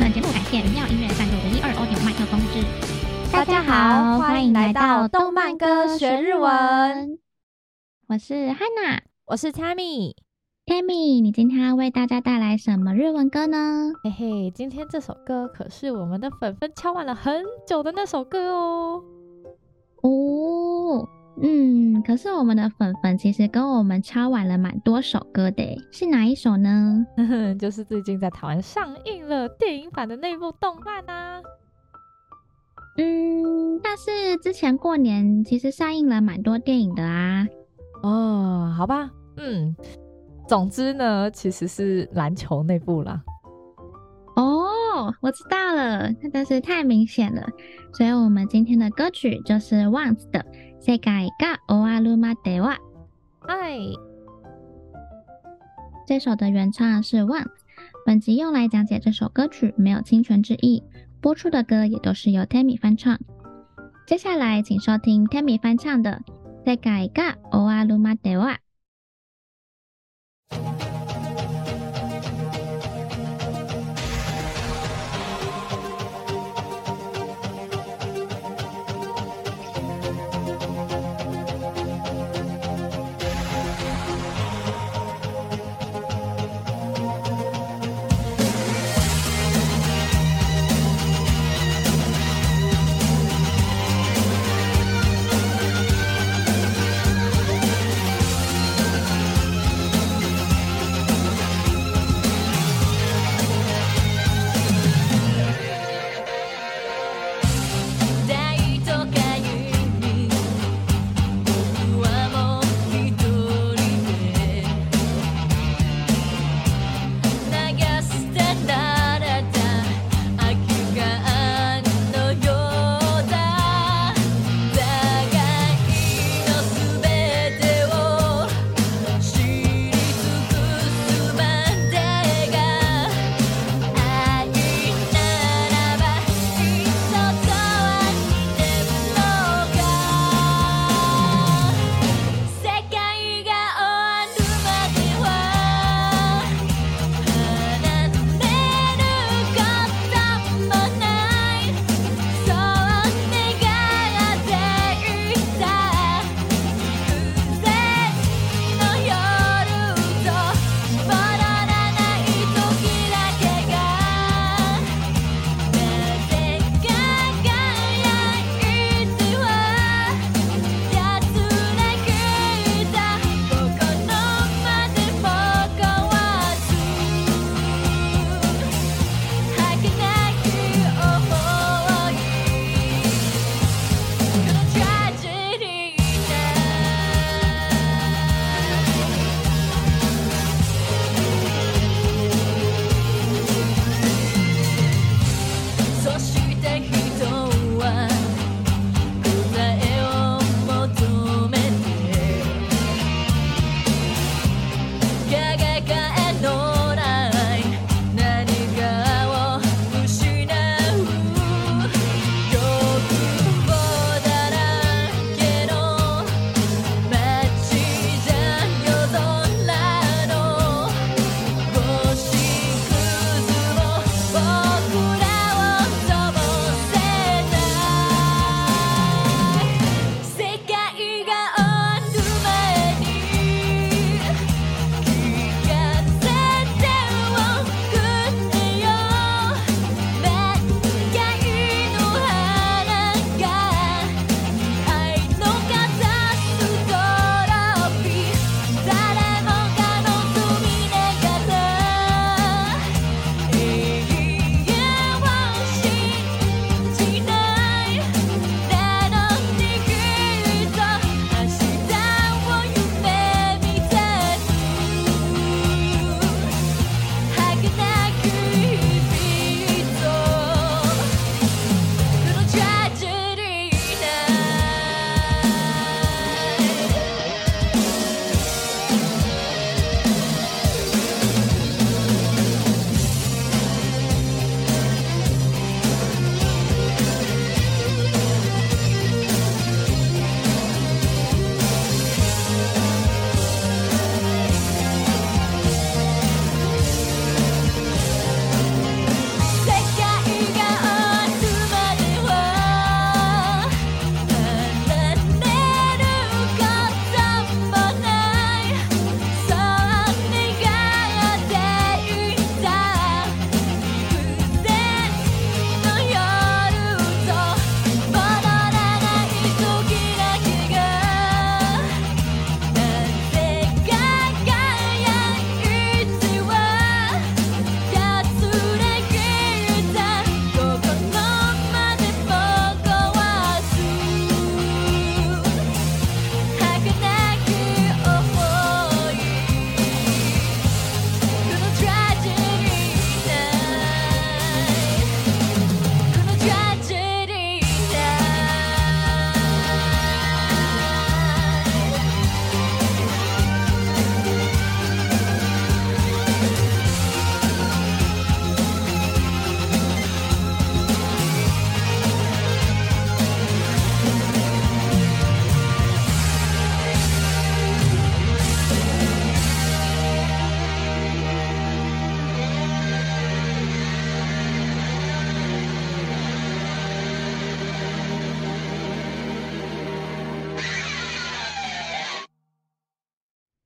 本、嗯、節目感謝雲耀音樂贊助的一二 O 點麥克風之。大家好，歡迎來到動漫歌學日文。我是 Hana，我是 Tammy。Tammy，你今天要為大家帶來什麼日文歌呢？嘿嘿，今天這首歌可是我們的粉粉敲碗了很久的那首歌哦。哦。嗯，可是我們的粉粉其實跟我們唱完了蠻多首歌的，是哪一首呢？ 就是最近在台灣上映了電影版的那部動漫啊。嗯，但是之前過年其實上映了蠻多電影的啦，啊。哦，好吧，嗯，總之呢，其實是籃球那部啦。哦，我知道了，真的是太明顯了，所以我們今天的歌曲就是 WANDS 的。世界が終わるまでは。哎，這首的原唱是 WANDS，本集用來講解這首歌曲，沒有侵權之意。播出的歌也都是由 Tammy 翻唱。接下來，請收聽 Tammy 翻唱的《世界が終わるまでは》。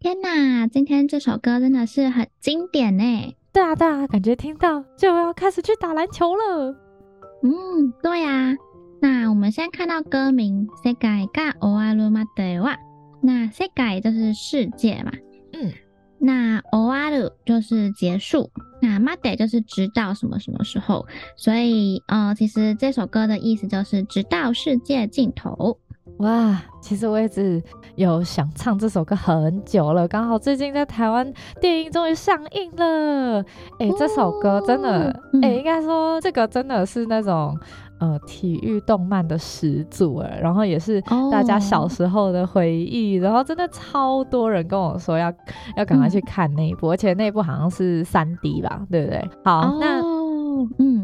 天吶，今天這首歌真的是很經典欸。對啊，對啊，感覺聽到就要開始去打籃球了。嗯，對呀、啊。那我們先看到歌名“世界が終わるまでは”，那“世界”就是世界嘛。嗯，那“終わる”就是結束，那“まで”就是直到什麼什麼時候。所以，呃，其實這首歌的意思就是直到世界盡頭。哇，其實我一直有想唱這首歌很久了，剛好最近在台灣電影終於上映了。哎，這首歌真的，哎、哦，應該說這個真的是那種呃體育動漫的始祖哎，然後也是大家小時候的回憶，哦、然後真的超多人跟我說要要趕快去看那一部，而且那一部好像是 3D 吧，對不對？好，哦、那。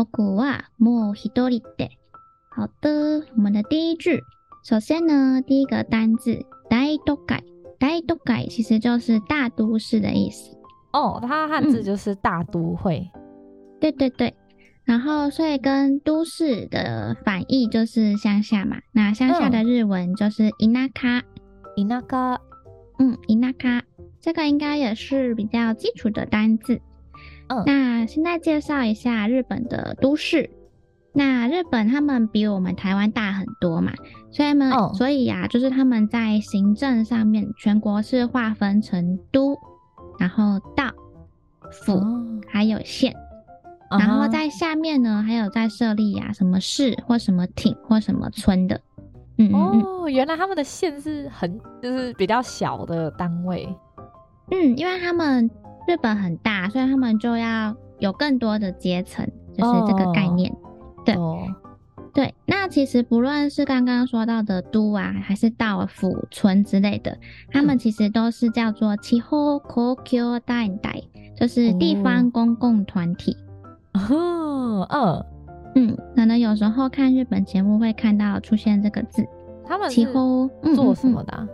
僕はもう一人で。好的，我們的第一句。首先呢，第一個單字“大都會”，“大都會”其實就是大都市的意思。哦，它漢字就是“大都會”嗯。對對對。然後，所以跟都市的反義就是鄉下嘛。那鄉下的日文就是“田舎”，“田舎”，嗯，“田舎”嗯。這個應該也是比較基礎的單字。嗯、那現在介紹一下日本的都市。那日本他們比我們台灣大很多嘛，所以呢，哦、所以呀、啊，就是他們在行政上面，全國是劃分成都，然後道、府、哦、還有縣，uh-huh，然後在下面呢，還有在設立呀、啊、什麼市或什麼町或什麼村的。嗯，嗯，嗯，哦，原來他們的縣是很就是比較小的單位。嗯，因為他們。日本很大，所以他們就要有更多的階層，就是這個概念。Oh, 對，oh. 對。那其實不論是剛剛說到的都啊，還是道府村之類的，他們其實都是叫做 “chihou koukyou dantai” 就是地方公共團體。哦，oh. oh. 嗯，可能有時候看日本節目會看到出現這個字。他們七候做什麼的、啊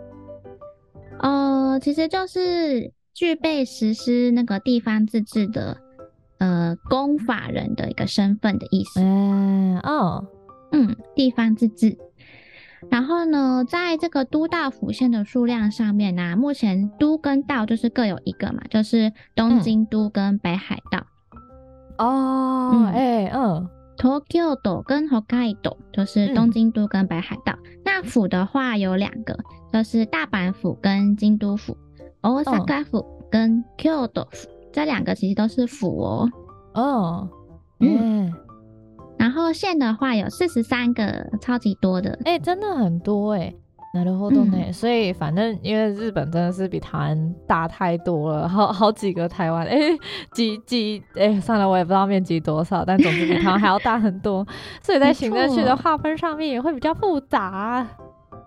嗯嗯呃？其實就是。具備實施那個地方自治的，呃，公法人的一個身份的意思。欸、哦，嗯，地方自治。然後呢，在這個都道府縣的數量上面呢、啊，目前都跟道就是各有一個嘛，就是東京都跟北海道。嗯嗯、哦，哎、欸，嗯、欸、Tokyo、哦、跟 Hokkaido 就是東京都跟北海道。嗯、那府的話有兩個，就是大阪府跟京都府。我想 Osaka 府跟 Kyoto 府這兩個其實都是府哦，哦、oh, yeah. 嗯，然後縣的話有四十三個，超級多的哎、欸，真的很多なるほどね，嗯、所以反正因為日本真的是比台灣大太多了，好好幾個台灣哎，幾幾哎，算了，我也不知道面積多少，但總之比台灣還要大很多， 所以在行政區的劃分上面也會比較複雜。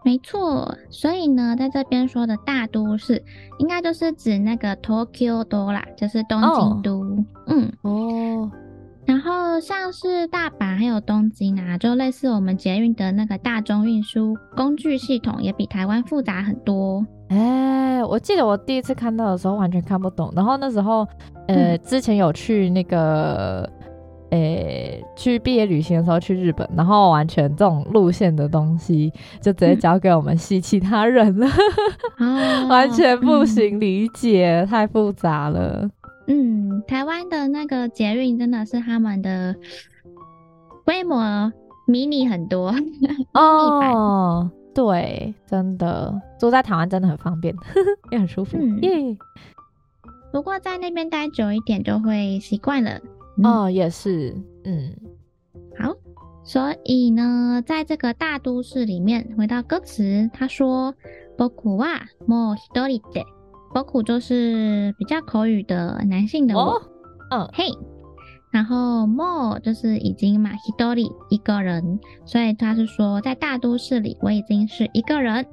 沒錯，所以呢，在這邊說的大都市，應該就是指那個 Tokyo 都啦，就是東京都。嗯哦，嗯哦，然後像是大阪還有東京啊，就類似我們捷運的那個大眾運輸工具系統，也比台灣複雜很多。哎、欸，我記得我第一次看到的時候完全看不懂，然後那時候呃，嗯、之前有去那個。誒、欸，去畢業旅行的時候去日本，然後完全這種路線的東西就直接交給我們系 其他人了， 哦、完全不行，理解、嗯、太複雜了。嗯，台灣的那個捷運真的是他們的規模迷你很多哦， 般對，真的住在台灣真的很方便 也很舒服，嗯、Yeah 不過在那邊待久一點就會習慣了。哦，嗯 oh, 也是，嗯，好，所以呢，在這個大都市裡面，回到歌詞，他說“僕は，もうひとりって，僕就是比較口語的男性的我。哦，嘿，然後もう就是已經嘛ひとり一,一個人，所以他是說在大都市裡我已經是一個人。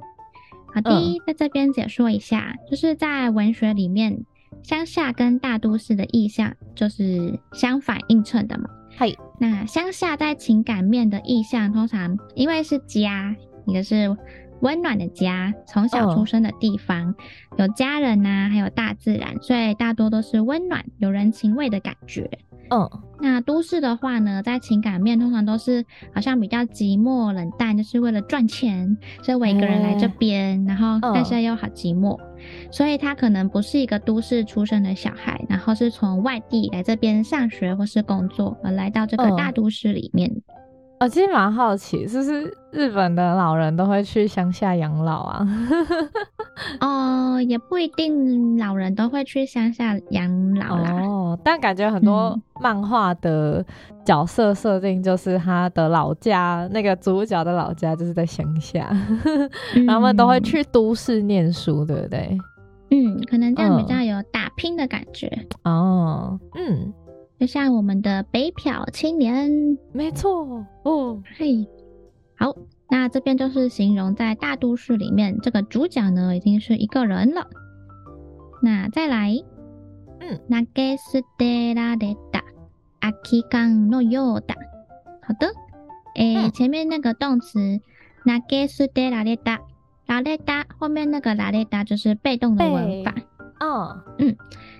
好的，uh. 在這邊解說一下，就是在文學裡面。鄉下跟大都市的意象就是相反映襯的嘛。嗨，那鄉下在情感面的意象，通常因為是家，一個是溫暖的家，從小出生的地方，oh. 有家人吶、啊，還有大自然，所以大多都是溫暖、有人情味的感覺。哦，嗯、那都市的話呢，在情感面通常都是好像比較寂寞、冷淡，就是為了賺錢，所以我一個人來這邊，欸、然後但是又好寂寞，嗯、所以他可能不是一個都市出生的小孩，然後是從外地來這邊上學或是工作，而來到這個大都市裡面。嗯。我、哦、其實蠻好奇，是不是日本的老人都會去鄉下養老啊？ 哦，也不一定，老人都會去鄉下養老啦。哦，但感覺很多漫畫的角色設定就是他的老家，嗯、那個主角的老家就是在鄉下，然 後、嗯、他們都會去都市念書，對不對？嗯，可能這樣比較有打拼的感覺。哦，嗯。就像我們的北漂青年，沒錯哦，嘿，好，那這邊就是形容在大都市裡面，這個主角呢已經是一個人了。那再來，嗯，投げ捨てられた、空き缶のようだ。好的，誒、欸，嗯、前面那個動詞投げ捨てられた、られた，後面那個られた就是被動的文法哦，嗯。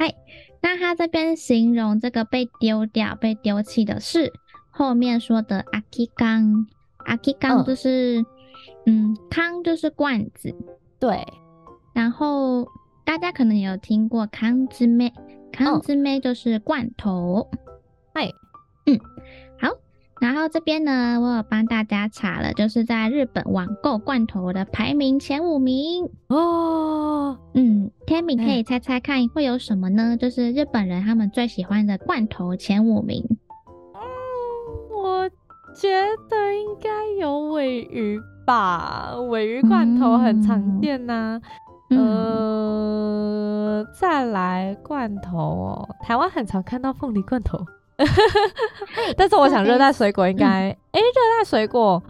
哎，hey, 那他這邊形容這個被丟掉、被丟棄的是，後面說的阿基康，阿基康就是，嗯，康、嗯、就是罐子，對。然後大家可能有聽過康之妹，康之妹就是罐頭。哎，嗯。嗯然後這邊呢，我有幫大家查了，就是在日本網購罐頭的排名前五名哦。嗯，Tammy 可以猜猜看會有什麼呢？哎、就是日本人他們最喜歡的罐頭前五名。嗯，我覺得應該有鮪魚吧，鮪魚罐頭很常見吶、啊。嗯、呃，再來罐頭哦，台灣很常看到鳳梨罐頭。 但是我想熱帶水果應該，哎，熱帶水果，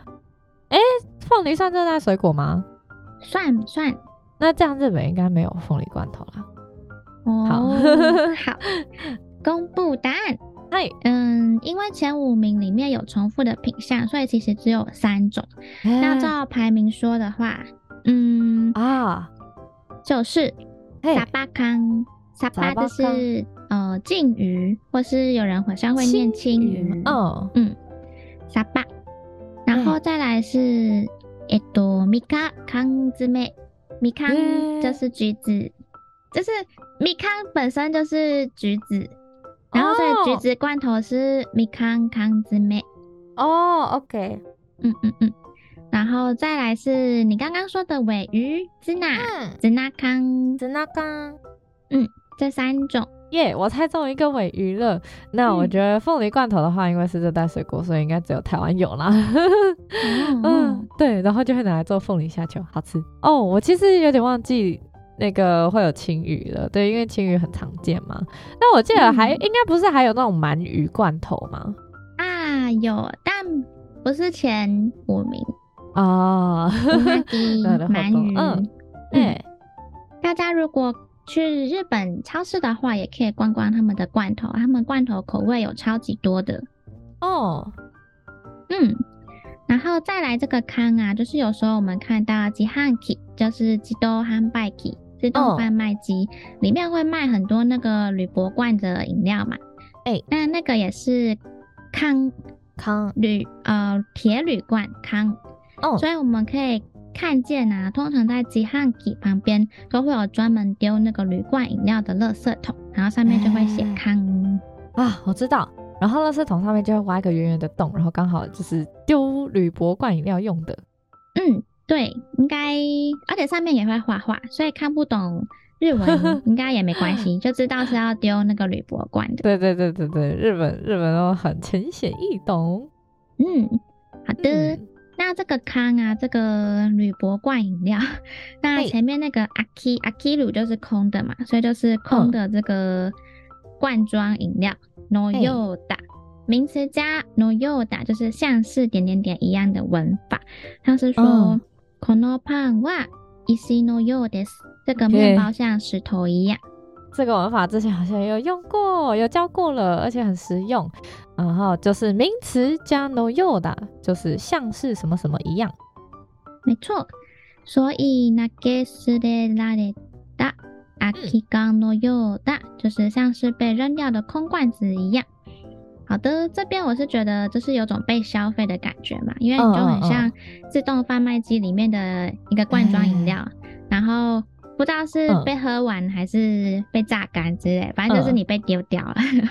哎、欸，鳳梨算熱帶水果嗎？算算。算那這樣日本應該沒有鳳梨罐頭了。哦，好， 好，公布答案。哎，嗯，因為前五名裡面有重複的品項，所以其實只有三種。哎、那照排名說的話，嗯啊，就是沙巴康，沙巴的是。鯖魚，或是有人好像會念青魚，青魚、嗯、哦，嗯，沙巴，然後再來是一朵米康康之妹，米康、嗯、就是橘子，嗯、就是米康本身就是橘子，然後的橘子罐頭是米康康之妹，哦，哦，OK，嗯嗯嗯，然後再來是你剛剛說的鮪魚，子納嗯子納康子納康，嗯，這三種。耶！Yeah, 我猜中一個鮪魚了。那我覺得鳳梨罐頭的話，因為是熱帶水果，所以應該只有台灣有啦。 嗯，嗯嗯對。然後就會拿來做鳳梨蝦球，好吃哦。Oh, 我其實有點忘記那個會有鯖魚了。對，因為鯖魚很常見嘛。那我記得還、嗯、應該不是還有那種鰻魚罐頭嗎？啊，有，但不是前五名啊。哦、 對，鰻魚。嗯。對、嗯，大家如果。去日本超市的話，也可以逛逛他們的罐頭，他們罐頭口味有超級多的哦。Oh. 嗯，然後再來這個康啊，就是有時候我們看到自 k 機，就是自動販 KI 這種販賣機、oh. 裡面會賣很多那個鋁箔罐的飲料嘛？哎，那那個也是康康鋁呃鐵鋁罐康哦，oh. 所以我們可以。看見啊，通常在自販機旁邊都會有專門丟那個鋁罐飲料的垃圾桶，然後上面就會寫「カン」。啊，我知道。然後垃圾桶上面就會挖一個圓圓的洞，然後剛好就是丟鋁箔罐飲料用的。嗯，對，應該，而且上面也會畫畫，所以看不懂日文應該也沒關係， 就知道是要丟那個鋁箔罐的。對對對對對，日本日本都很淺顯易懂。嗯，好的。嗯那這個康啊，這個鋁箔罐飲料，那前面那個阿基阿基魯就是空的嘛，對所以就是空的這個罐裝飲料。noyoda、嗯、名詞加 noyoda 就是像是點點點一樣的文法，它是說、嗯、このパンは石のようです，這個麵包像石頭一樣。這個文法之前好像也有用過，有教過了，而且很實用。然後就是名詞加のようだ，就是像是什麼什麼一樣。沒錯，所以投げ捨てられた空き缶のようだ，就是像是被扔掉的空罐子一樣。好的，這邊我是覺得就是有種被消費的感覺嘛，因為你就很像自動販賣機裡面的一個罐裝飲料，嗯嗯、然後。不知道是被喝完還是被榨乾之類，嗯、反正就是你被丟掉了，嗯。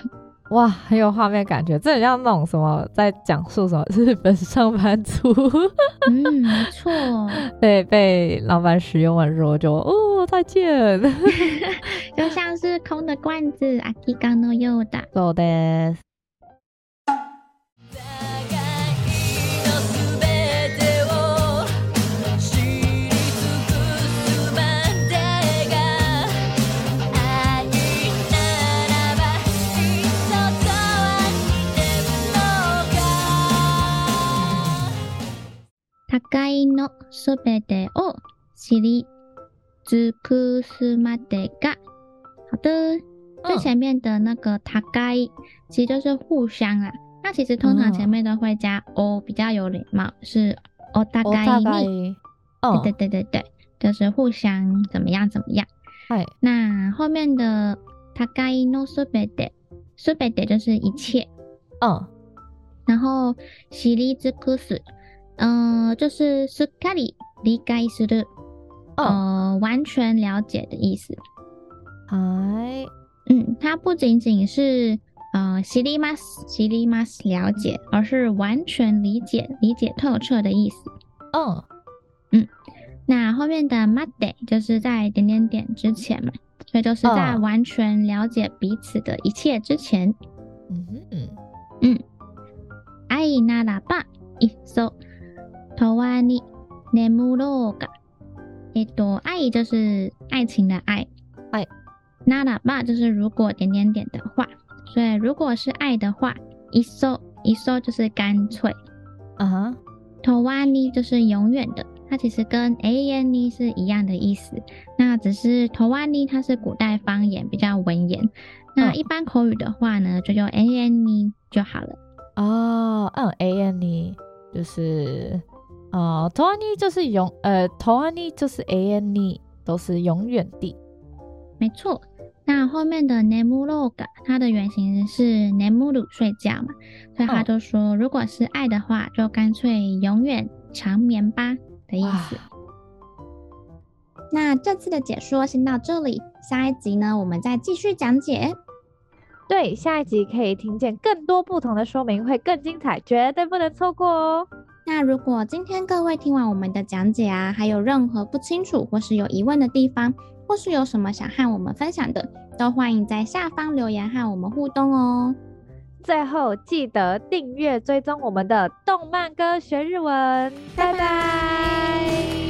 哇，很有畫面感覺，這很像那種什麼在講述什麼日本上班族。 嗯，沒錯。被被老板使用完之後就哦，再見。 就像是空的罐子。空き缶のようだ。そうです。互いのすべてを，知り尽くすまでが，好的，最、嗯、前面的那個互い，其實就是互相啦。那其實通常前面都會加哦，比較有禮貌，嗯、是お互いに，哦，嗯、對對對對，就是互相怎麼樣怎麼樣。哎嘿，那後面的互いのすべて，すべて就是一切哦，嗯、然後知り尽くす。嗯、呃，就是すっかり理解する意思的，呃 oh. 完全了解的意思。哎 I，嗯，它不僅僅是呃知ります知ります了解，而是完全理解、理解透徹的意思。哦，oh. 嗯，那後面的まで就是在點點點之前嘛，所以就是在完全了解彼此的一切之前。嗯嗯、oh. mm hmm. 嗯，愛ならば、いっそ。頭瓦尼，奈木羅嘎，一朵愛就是愛情的愛，愛。那拉巴就是如果點點點的話，所以如果是愛的話，一嗦，一嗦就是乾脆。呃、uh，頭瓦尼就是永遠的，它其實跟安妮是一樣的意思，那只是頭瓦尼它是古代方言比較文言，那一般口語的話呢，就用安妮就好了。哦，嗯、哦，安妮就是。哦 Tony 就是永呃，Tony 就是 ani，都是永遠的。沒錯，那後面的 Nemlog 它的原型是 Nemuru 睡覺嘛，所以他就說，哦、如果是愛的話，就乾脆永遠長眠吧的意思。哇那這次的解說先到這裡，下一集呢我們再繼續講解。對，下一集可以聽見更多不同的說明會，會更精彩，絕對不能錯過哦。那如果今天各位聽完我們的講解啊，還有任何不清楚或是有疑問的地方，或是有什麼想和我們分享的，都歡迎在下方留言和我們互動哦。最後記得訂閱追蹤我們的動漫歌學日文，拜拜。拜拜。